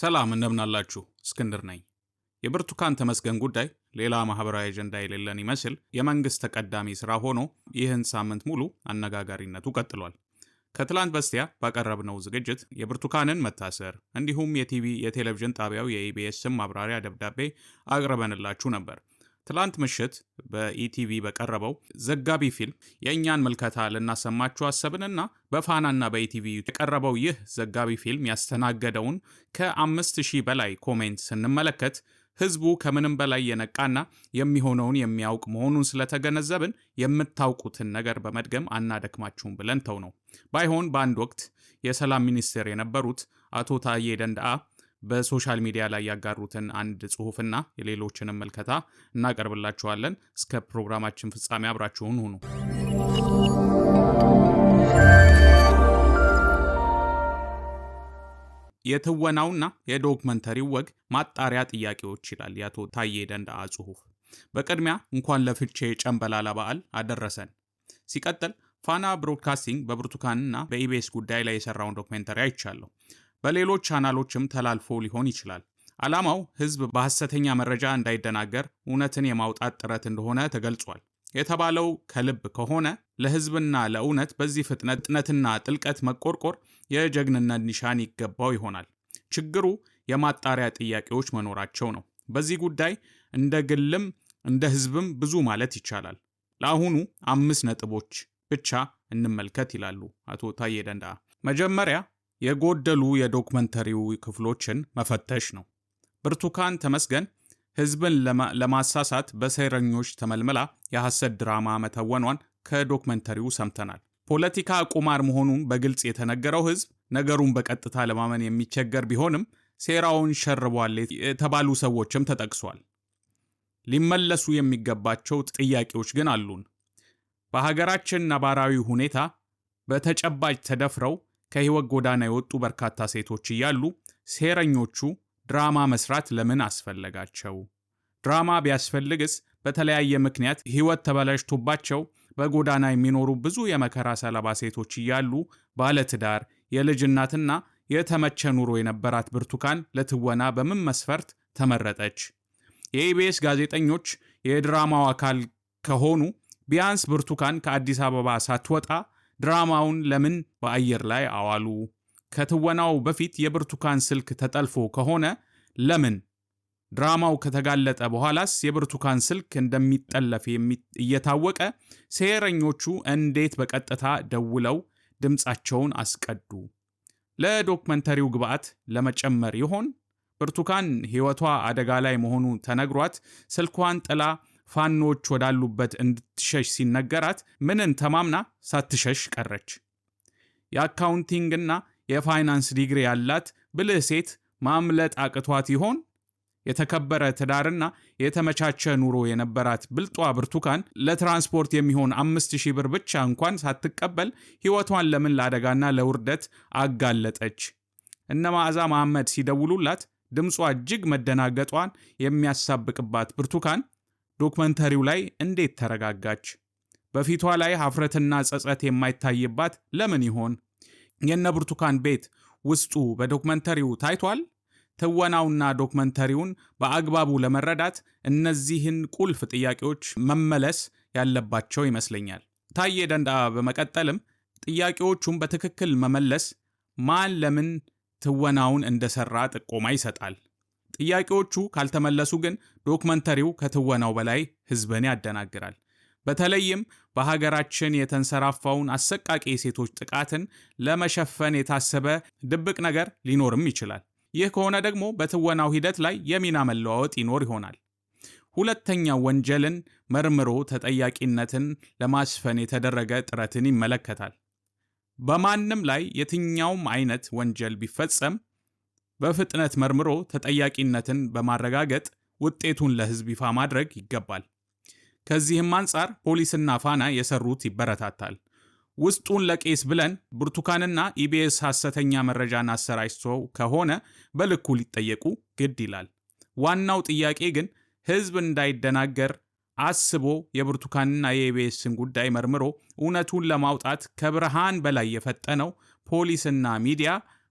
ሰላም እንደምናላችሁ፣ እስክንድር ነኝ። የብርቱካን ተመስገን ጉዳይ ሌላ ማህበራዊ አጀንዳ የሌለን ይመስል የመንግስት ተቀዳሚ ስራ ሆኖ ይህን ሳምንት ሙሉ አነጋጋሪነቱ ቀጥሏል። ከትላንት በስቲያ ባቀረብነው ዝግጅት የብርቱካንን መታሰር እንዲሁም የቲቪ የቴሌቪዥን ጣቢያው የኢቢኤስም ማብራሪያ ደብዳቤ አቅርበንላችሁ ነበር። ትላንት ምሽት በኢቲቪ በቀረበው ዘጋቢ ፊልም የእኛን ምልከታ ልናሰማችሁ አሰብንና በፋናና በኢቲቪ የቀረበው ይህ ዘጋቢ ፊልም ያስተናገደውን ከአምስት ሺህ በላይ ኮሜንት ስንመለከት ህዝቡ ከምንም በላይ የነቃና የሚሆነውን የሚያውቅ መሆኑን ስለተገነዘብን የምታውቁትን ነገር በመድገም አናደክማችሁም ብለን ተው ነው። ባይሆን በአንድ ወቅት የሰላም ሚኒስቴር የነበሩት አቶ ታዬ ደንደአ በሶሻል ሚዲያ ላይ ያጋሩትን አንድ ጽሁፍና የሌሎችንም መልከታ እናቀርብላችኋለን። እስከ ፕሮግራማችን ፍጻሜ አብራችሁን ሁኑ። የትወናውና የዶክመንተሪው ወግ ማጣሪያ ጥያቄዎች ይላል የአቶ ታዬ ደንዳአ ጽሁፍ። በቅድሚያ እንኳን ለፍቼ ጨንበላላ በዓል አደረሰን። ሲቀጥል ፋና ብሮድካስቲንግ በብርቱካንና በኢቢኤስ ጉዳይ ላይ የሰራውን ዶክመንተሪ አይቻለሁ። በሌሎች ቻናሎችም ተላልፎ ሊሆን ይችላል። ዓላማው ህዝብ በሐሰተኛ መረጃ እንዳይደናገር እውነትን የማውጣት ጥረት እንደሆነ ተገልጿል። የተባለው ከልብ ከሆነ ለህዝብና ለእውነት በዚህ ፍጥነት ጥነትና ጥልቀት መቆርቆር የጀግንነት ኒሻን ይገባው ይሆናል። ችግሩ የማጣሪያ ጥያቄዎች መኖራቸው ነው። በዚህ ጉዳይ እንደ ግልም እንደ ህዝብም ብዙ ማለት ይቻላል። ለአሁኑ አምስት ነጥቦች ብቻ እንመልከት ይላሉ አቶ ታዬ ደንዳ። መጀመሪያ የጎደሉ የዶክመንተሪው ክፍሎችን መፈተሽ ነው። ብርቱካን ተመስገን ህዝብን ለማሳሳት በሴረኞች ተመልምላ የሐሰት ድራማ መተወኗን ከዶክመንተሪው ሰምተናል። ፖለቲካ ቁማር መሆኑን በግልጽ የተነገረው ህዝብ ነገሩን በቀጥታ ለማመን የሚቸገር ቢሆንም ሴራውን ሸርቧል የተባሉ ሰዎችም ተጠቅሷል። ሊመለሱ የሚገባቸው ጥያቄዎች ግን አሉን። በሀገራችን ነባራዊ ሁኔታ በተጨባጭ ተደፍረው ከህይወት ጎዳና የወጡ በርካታ ሴቶች እያሉ ሴረኞቹ ድራማ መስራት ለምን አስፈለጋቸው? ድራማ ቢያስፈልግስ በተለያየ ምክንያት ህይወት ተበላሽቶባቸው በጎዳና የሚኖሩ ብዙ የመከራ ሰለባ ሴቶች እያሉ ባለትዳር የልጅ እናትና የተመቸ ኑሮ የነበራት ብርቱካን ለትወና በምን መስፈርት ተመረጠች? የኢቢኤስ ጋዜጠኞች የድራማው አካል ከሆኑ ቢያንስ ብርቱካን ከአዲስ አበባ ሳትወጣ ድራማውን ለምን በአየር ላይ አዋሉ? ከትወናው በፊት የብርቱካን ስልክ ተጠልፎ ከሆነ ለምን? ድራማው ከተጋለጠ በኋላስ የብርቱካን ስልክ እንደሚጠለፍ እየታወቀ ሴረኞቹ እንዴት በቀጥታ ደውለው ድምፃቸውን አስቀዱ? ለዶክመንተሪው ግብዓት ለመጨመር ይሆን? ብርቱካን ሕይወቷ አደጋ ላይ መሆኑ ተነግሯት ስልኳን ጥላ ፋኖዎች ወዳሉበት እንድትሸሽ ሲነገራት ምንን ተማምና ሳትሸሽ ቀረች። የአካውንቲንግና የፋይናንስ ዲግሪ ያላት ብልህ ሴት ማምለጥ አቅቷት ይሆን? የተከበረ ትዳርና የተመቻቸ ኑሮ የነበራት ብልጧ ብርቱካን ለትራንስፖርት የሚሆን አምስት ሺህ ብር ብቻ እንኳን ሳትቀበል ሕይወቷን ለምን ለአደጋና ለውርደት አጋለጠች? እነ መዓዛ መሐመድ ሲደውሉላት ድምጿ እጅግ መደናገጧን የሚያሳብቅባት ብርቱካን ዶክመንተሪው ላይ እንዴት ተረጋጋች? በፊቷ ላይ ሀፍረትና ጸጸት የማይታይባት ለምን ይሆን? የነ ብርቱካን ቤት ውስጡ በዶክመንተሪው ታይቷል? ትወናውና ዶክመንተሪውን በአግባቡ ለመረዳት እነዚህን ቁልፍ ጥያቄዎች መመለስ ያለባቸው ይመስለኛል። ታየ ደንዳ በመቀጠልም ጥያቄዎቹን በትክክል መመለስ ማን ለምን ትወናውን እንደሰራ ጥቆማ ይሰጣል። ጥያቄዎቹ ካልተመለሱ ግን ዶክመንተሪው ከትወናው በላይ ህዝብን ያደናግራል። በተለይም በሀገራችን የተንሰራፋውን አሰቃቂ የሴቶች ጥቃትን ለመሸፈን የታሰበ ድብቅ ነገር ሊኖርም ይችላል። ይህ ከሆነ ደግሞ በትወናው ሂደት ላይ የሚና መለዋወጥ ይኖር ይሆናል። ሁለተኛ ወንጀልን መርምሮ ተጠያቂነትን ለማስፈን የተደረገ ጥረትን ይመለከታል። በማንም ላይ የትኛውም አይነት ወንጀል ቢፈጸም በፍጥነት መርምሮ ተጠያቂነትን በማረጋገጥ ውጤቱን ለህዝብ ይፋ ማድረግ ይገባል። ከዚህም አንጻር ፖሊስና ፋና የሰሩት ይበረታታል። ውስጡን ለቄስ ብለን ብርቱካንና ኢቢኤስ ሐሰተኛ መረጃን አሰራጭቶ ከሆነ በልኩ ሊጠየቁ ግድ ይላል። ዋናው ጥያቄ ግን ህዝብ እንዳይደናገር አስቦ የብርቱካንና የኢቢኤስን ጉዳይ መርምሮ እውነቱን ለማውጣት ከብርሃን በላይ የፈጠነው ፖሊስና ሚዲያ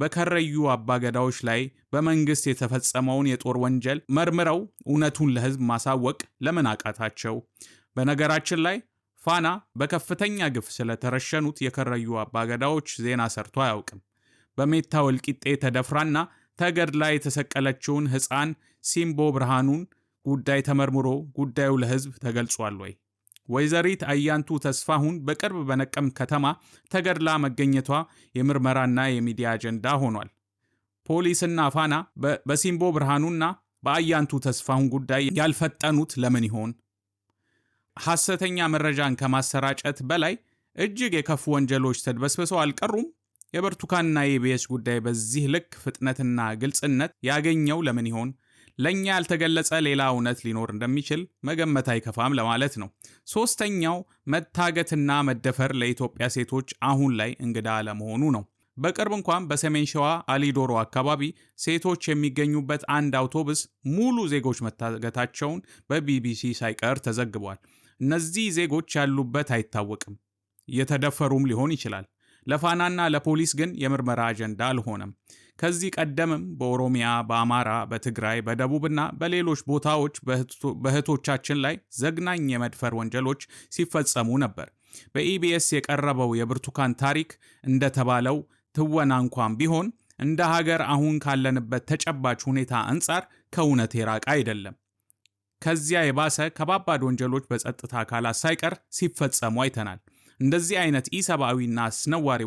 በከረዩ አባገዳዎች ላይ በመንግስት የተፈጸመውን የጦር ወንጀል መርምረው እውነቱን ለህዝብ ማሳወቅ ለምን አቃታቸው? በነገራችን ላይ ፋና በከፍተኛ ግፍ ስለተረሸኑት የከረዩ አባገዳዎች ዜና ሰርቶ አያውቅም። በሜታ ወልቂጤ ተደፍራና ተገድላ የተሰቀለችውን ሕፃን ሲምቦ ብርሃኑን ጉዳይ ተመርምሮ ጉዳዩ ለህዝብ ተገልጿል ወይ? ወይዘሪት አያንቱ ተስፋሁን በቅርብ በነቀም ከተማ ተገድላ መገኘቷ የምርመራና የሚዲያ አጀንዳ ሆኗል። ፖሊስና ፋና በሲምቦ ብርሃኑና በአያንቱ ተስፋሁን ጉዳይ ያልፈጠኑት ለምን ይሆን? ሐሰተኛ መረጃን ከማሰራጨት በላይ እጅግ የከፉ ወንጀሎች ተድበስብሰው አልቀሩም። የብርቱካንና የኢቢኤስ ጉዳይ በዚህ ልክ ፍጥነትና ግልጽነት ያገኘው ለምን ይሆን? ለእኛ ያልተገለጸ ሌላ እውነት ሊኖር እንደሚችል መገመት አይከፋም ለማለት ነው። ሶስተኛው መታገትና መደፈር ለኢትዮጵያ ሴቶች አሁን ላይ እንግዳ ለመሆኑ ነው። በቅርብ እንኳን በሰሜን ሸዋ አሊዶሮ አካባቢ ሴቶች የሚገኙበት አንድ አውቶቡስ ሙሉ ዜጎች መታገታቸውን በቢቢሲ ሳይቀር ተዘግቧል። እነዚህ ዜጎች ያሉበት አይታወቅም፣ የተደፈሩም ሊሆን ይችላል። ለፋናና ለፖሊስ ግን የምርመራ አጀንዳ አልሆነም። ከዚህ ቀደምም በኦሮሚያ፣ በአማራ፣ በትግራይ፣ በደቡብና በሌሎች ቦታዎች በእህቶቻችን ላይ ዘግናኝ የመድፈር ወንጀሎች ሲፈጸሙ ነበር። በኢቢኤስ የቀረበው የብርቱካን ታሪክ እንደተባለው ትወና እንኳን ቢሆን እንደ ሀገር አሁን ካለንበት ተጨባጭ ሁኔታ አንጻር ከእውነት የራቀ አይደለም። ከዚያ የባሰ ከባባድ ወንጀሎች በጸጥታ አካላት ሳይቀር ሲፈጸሙ አይተናል። እንደዚህ አይነት ኢሰብአዊና አስነዋሪ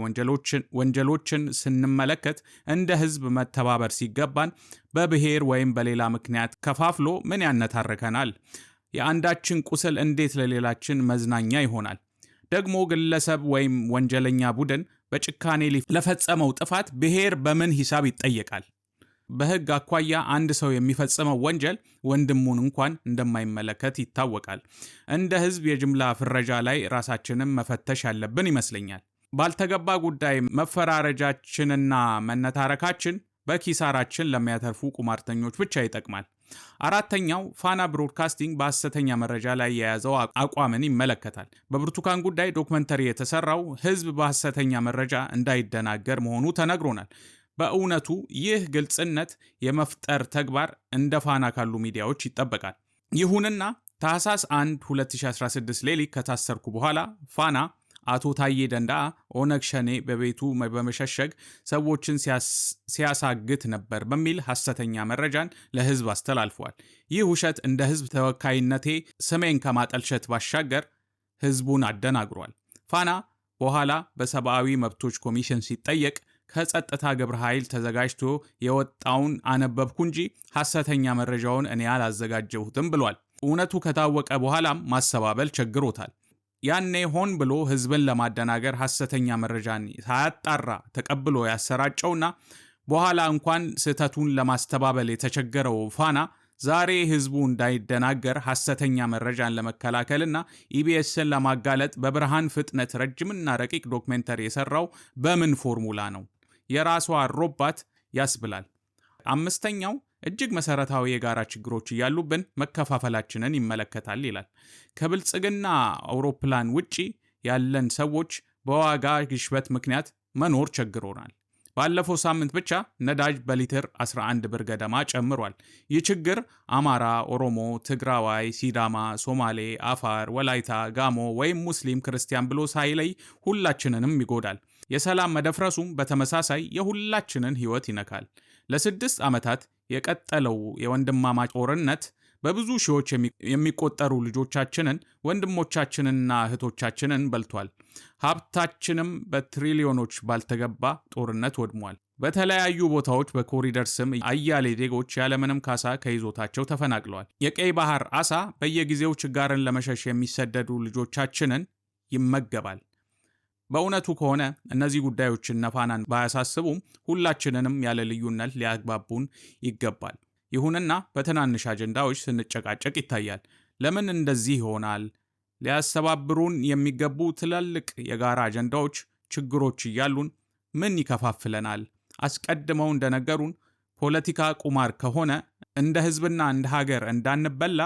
ወንጀሎችን ስንመለከት እንደ ህዝብ መተባበር ሲገባን በብሔር ወይም በሌላ ምክንያት ከፋፍሎ ምን ያነታርከናል? የአንዳችን ቁስል እንዴት ለሌላችን መዝናኛ ይሆናል? ደግሞ ግለሰብ ወይም ወንጀለኛ ቡድን በጭካኔ ለፈጸመው ጥፋት ብሔር በምን ሂሳብ ይጠየቃል? በሕግ አኳያ አንድ ሰው የሚፈጽመው ወንጀል ወንድሙን እንኳን እንደማይመለከት ይታወቃል። እንደ ሕዝብ የጅምላ ፍረጃ ላይ ራሳችንን መፈተሽ ያለብን ይመስለኛል። ባልተገባ ጉዳይ መፈራረጃችንና መነታረካችን በኪሳራችን ለሚያተርፉ ቁማርተኞች ብቻ ይጠቅማል። አራተኛው ፋና ብሮድካስቲንግ በሐሰተኛ መረጃ ላይ የያዘው አቋምን ይመለከታል። በብርቱካን ጉዳይ ዶክመንተሪ የተሰራው ህዝብ በሐሰተኛ መረጃ እንዳይደናገር መሆኑ ተነግሮናል። በእውነቱ ይህ ግልጽነት የመፍጠር ተግባር እንደ ፋና ካሉ ሚዲያዎች ይጠበቃል። ይሁንና ታህሳስ 1 2016 ሌሊት ከታሰርኩ በኋላ ፋና አቶ ታዬ ደንዳ ኦነግ ሸኔ በቤቱ በመሸሸግ ሰዎችን ሲያሳግት ነበር በሚል ሐሰተኛ መረጃን ለሕዝብ አስተላልፏል። ይህ ውሸት እንደ ሕዝብ ተወካይነቴ ስሜን ከማጠልሸት ባሻገር ሕዝቡን አደናግሯል። ፋና በኋላ በሰብአዊ መብቶች ኮሚሽን ሲጠየቅ ከጸጥታ ግብረ ኃይል ተዘጋጅቶ የወጣውን አነበብኩ እንጂ ሐሰተኛ መረጃውን እኔ አላዘጋጀሁትም ብሏል። እውነቱ ከታወቀ በኋላም ማሰባበል ቸግሮታል። ያኔ ሆን ብሎ ህዝብን ለማደናገር ሐሰተኛ መረጃን ሳያጣራ ተቀብሎ ያሰራጨውና በኋላ እንኳን ስህተቱን ለማስተባበል የተቸገረው ፋና ዛሬ ህዝቡ እንዳይደናገር ሐሰተኛ መረጃን ለመከላከልና ኢቢኤስን ለማጋለጥ በብርሃን ፍጥነት ረጅምና ረቂቅ ዶክሜንተሪ የሰራው በምን ፎርሙላ ነው? የራሷ ሮባት ያስብላል። አምስተኛው እጅግ መሰረታዊ የጋራ ችግሮች እያሉብን መከፋፈላችንን ይመለከታል ይላል። ከብልጽግና አውሮፕላን ውጪ ያለን ሰዎች በዋጋ ግሽበት ምክንያት መኖር ቸግሮናል። ባለፈው ሳምንት ብቻ ነዳጅ በሊትር 11 ብር ገደማ ጨምሯል። ይህ ችግር አማራ፣ ኦሮሞ፣ ትግራዋይ፣ ሲዳማ፣ ሶማሌ፣ አፋር፣ ወላይታ፣ ጋሞ ወይም ሙስሊም ክርስቲያን ብሎ ሳይለይ ሁላችንንም ይጎዳል። የሰላም መደፍረሱም በተመሳሳይ የሁላችንን ሕይወት ይነካል። ለስድስት ዓመታት የቀጠለው የወንድማማ ጦርነት በብዙ ሺዎች የሚቆጠሩ ልጆቻችንን ወንድሞቻችንንና እህቶቻችንን በልቷል። ሀብታችንም በትሪሊዮኖች ባልተገባ ጦርነት ወድሟል። በተለያዩ ቦታዎች በኮሪደር ስም አያሌ ዜጎች ያለምንም ካሳ ከይዞታቸው ተፈናቅለዋል። የቀይ ባህር አሳ በየጊዜው ችጋርን ለመሸሽ የሚሰደዱ ልጆቻችንን ይመገባል። በእውነቱ ከሆነ እነዚህ ጉዳዮችን ነፋናን ባያሳስቡም ሁላችንንም ያለ ልዩነት ሊያግባቡን ይገባል። ይሁንና በትናንሽ አጀንዳዎች ስንጨቃጨቅ ይታያል። ለምን እንደዚህ ይሆናል? ሊያስተባብሩን የሚገቡ ትላልቅ የጋራ አጀንዳዎች ችግሮች እያሉን ምን ይከፋፍለናል? አስቀድመው እንደነገሩን ፖለቲካ ቁማር ከሆነ እንደ ሕዝብና እንደ ሀገር እንዳንበላ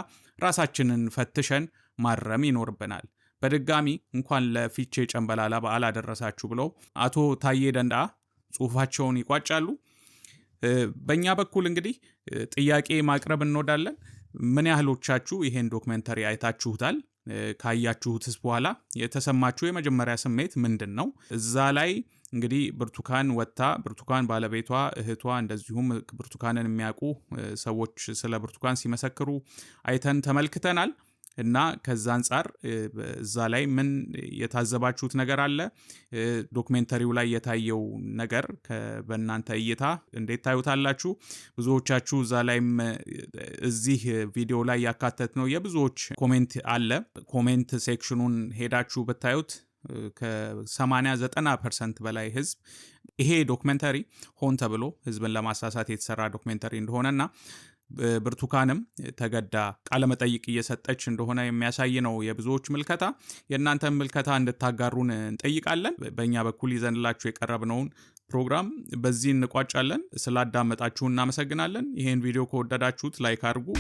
ራሳችንን ፈትሸን ማረም ይኖርብናል። በድጋሚ እንኳን ለፊቼ ጨንበላላ በዓል አደረሳችሁ ብለው አቶ ታዬ ደንዳ ጽሁፋቸውን ይቋጫሉ። በእኛ በኩል እንግዲህ ጥያቄ ማቅረብ እንወዳለን። ምን ያህሎቻችሁ ይሄን ዶክመንተሪ አይታችሁታል? ካያችሁትስ በኋላ የተሰማችሁ የመጀመሪያ ስሜት ምንድን ነው? እዛ ላይ እንግዲህ ብርቱካን ወጥታ ብርቱካን ባለቤቷ፣ እህቷ፣ እንደዚሁም ብርቱካንን የሚያውቁ ሰዎች ስለ ብርቱካን ሲመሰክሩ አይተን ተመልክተናል። እና ከዛ አንጻር እዛ ላይ ምን የታዘባችሁት ነገር አለ? ዶክሜንተሪው ላይ የታየው ነገር በእናንተ እይታ እንዴት ታዩታላችሁ? ብዙዎቻችሁ እዛ ላይም እዚህ ቪዲዮ ላይ ያካተት ነው የብዙዎች ኮሜንት አለ። ኮሜንት ሴክሽኑን ሄዳችሁ ብታዩት ከ80 90 ፐርሰንት በላይ ህዝብ ይሄ ዶክሜንተሪ ሆን ተብሎ ህዝብን ለማሳሳት የተሰራ ዶክሜንተሪ እንደሆነና ብርቱካንም ተገዳ ቃለመጠይቅ እየሰጠች እንደሆነ የሚያሳይ ነው የብዙዎች ምልከታ። የእናንተን ምልከታ እንድታጋሩን እንጠይቃለን። በእኛ በኩል ይዘንላችሁ የቀረብነውን ፕሮግራም በዚህ እንቋጫለን። ስላዳመጣችሁ እናመሰግናለን። ይህን ቪዲዮ ከወደዳችሁት ላይክ አድርጉ።